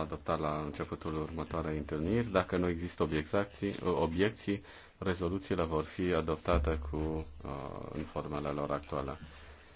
adopta la începutul următoarei întâlniri. Dacă nu există obiecții, obiecții rezoluțiile vor fi adoptate cu, uh, în formele lor actuale.